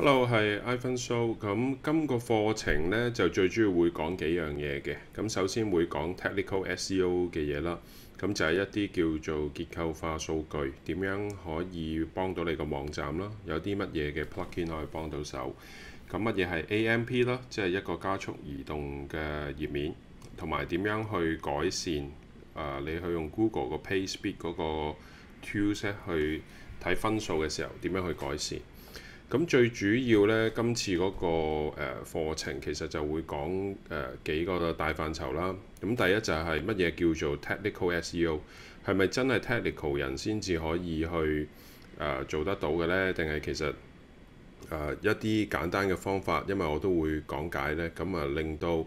Hello，係 iPhone Show。咁、這、今個課程呢，就最主要會講幾樣嘢嘅。咁首先會講 Technical SEO 嘅嘢啦。咁就係一啲叫做結構化數據，點樣可以幫到你個網站啦？有啲乜嘢嘅 Plugin 可以幫到手？咁乜嘢係 AMP 啦？即係一個加速移動嘅頁面，同埋點樣去改善？誒、呃，你去用 Google 個 Page Speed 嗰個 Toolset 去睇分數嘅時候，點樣去改善？咁最主要呢，今次嗰、那個誒、呃、課程其實就會講誒、呃、幾個大範疇啦。咁第一就係乜嘢叫做 technical SEO，係咪真係 technical 人先至可以去誒、呃、做得到嘅呢？定係其實誒、呃、一啲簡單嘅方法，因為我都會講解呢。咁啊，令到唔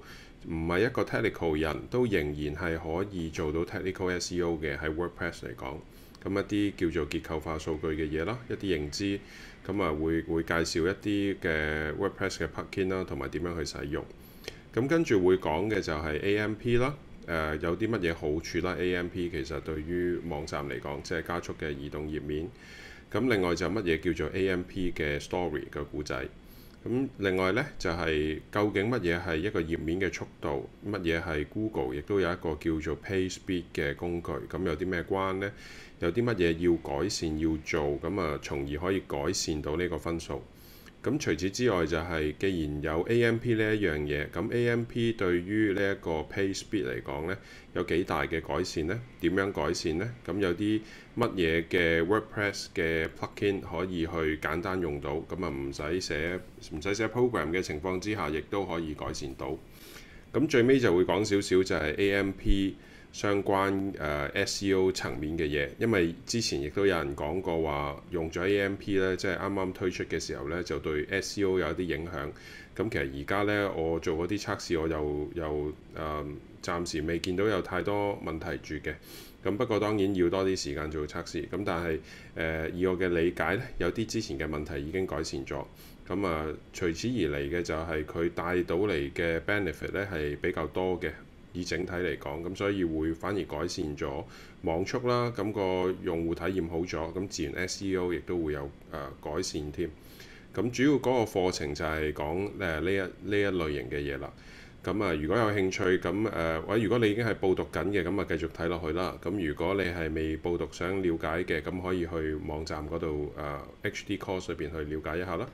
係一個 technical 人都仍然係可以做到 technical SEO 嘅喺 WordPress 嚟講。咁一啲叫做結構化數據嘅嘢啦，一啲認知，咁啊會會介紹一啲嘅 WordPress 嘅 plugin 啦，同埋點樣去使用。咁跟住會講嘅就係 AMP 啦、呃，誒有啲乜嘢好處啦？AMP 其實對於網站嚟講，即係加速嘅移動頁面。咁另外就乜嘢叫做 AMP 嘅 story 嘅故仔？另外呢，就係究竟乜嘢係一個頁面嘅速度，乜嘢係 Google 亦都有一個叫做 Page Speed 嘅工具，咁有啲咩關呢？有啲乜嘢要改善要做，咁啊，從而可以改善到呢個分數。咁除此之外就係，既然有 AMP 呢一樣嘢，咁 AMP 對於呢一個 page speed 嚟講呢，有幾大嘅改善呢？點樣改善呢？咁有啲乜嘢嘅 WordPress 嘅 plugin 可以去簡單用到，咁啊唔使寫唔使寫 program 嘅情況之下，亦都可以改善到。咁最尾就會講少少就係 AMP。相關誒、呃、SEO 層面嘅嘢，因為之前亦都有人講過話用咗 AMP 咧，即係啱啱推出嘅時候咧，就對 SEO 有啲影響。咁其實而家咧，我做嗰啲測試，我又又誒、呃，暫時未見到有太多問題住嘅。咁不過當然要多啲時間做測試。咁但係誒、呃，以我嘅理解咧，有啲之前嘅問題已經改善咗。咁啊，隨此而嚟嘅就係佢帶到嚟嘅 benefit 咧，係比較多嘅。以整體嚟講，咁所以會反而改善咗網速啦，咁、個用戶體驗好咗，咁自然 SEO 亦都會有誒、呃、改善添。咁主要嗰個課程就係講誒呢一呢一類型嘅嘢啦。咁啊，如果有興趣，咁誒或者如果你已經係報讀緊嘅，咁啊繼續睇落去啦。咁如果你係未報讀想了解嘅，咁可以去網站嗰度誒 HD Course 裏邊去了解一下啦。